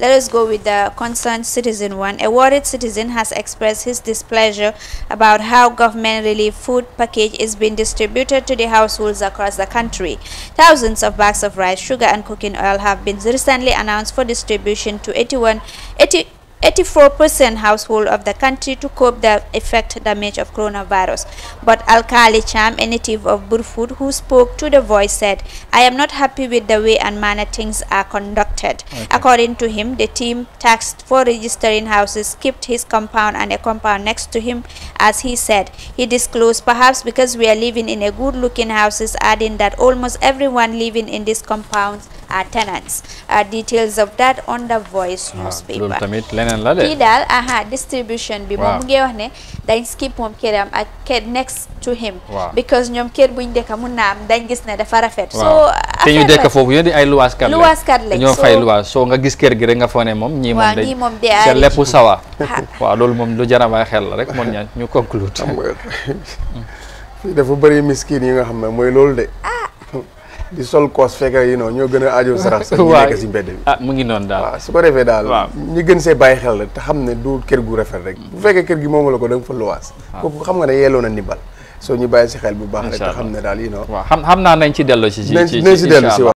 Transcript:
Let us go with the concerned citizen one. A worried citizen has expressed his displeasure about how government relief food package is being distributed to the households across the country. Thousands of bags of rice, sugar and cooking oil have been recently announced for distribution to 81, 80, 84% household of the country to cope the effect damage of coronavirus. But Al-Khali Cham, a native of Burfud, who spoke to The Voice said, I am not happy with the way and manner things are conducted. Okay. According to him, the team taxed for registering houses kept his compound and a compound next to him, as he said. He disclosed, perhaps because we are living in a good-looking houses, adding that almost everyone living in these compounds uh, tenants. Uh, details of that on the voice ah, newspaper. Tidal, aha, distribution bi wow. mom ngey ne dañ skip mom keram ak uh, ked next to him wow. because ñom kër buñ dekk mu naam dañ gis ne dafa rafet. So te ñu dekk fofu yeen di ay luwas kat. Luwas kat lek. Ñoo fay luwas. So nga gis kër gi rek nga fone mom ñi mom dañ. Ñi mom de. ay. lepp sawa. Waaw loolu mom lu jara bay xel rek mom ñaan ñu conclude. Dafa bari miskin yi nga xamne moy loolu de. di sol koos fekk yi non ñoo gën a aajo sarax sax ñu nekk si mbedd bi ah mu ngi noonu daal waaw su ko defee daal ñi gën see bàyyi xel la te xam ne du kër gu rafet rek bu fekkee kër gi moomu la ko da nga fa luwaas kooku xam nga ne yelloo na ndimbal soo ñu bàyyi si xel bu baax rek te xam ne daal yi non xam xam naa nañ ci dellu si nañ si dellu si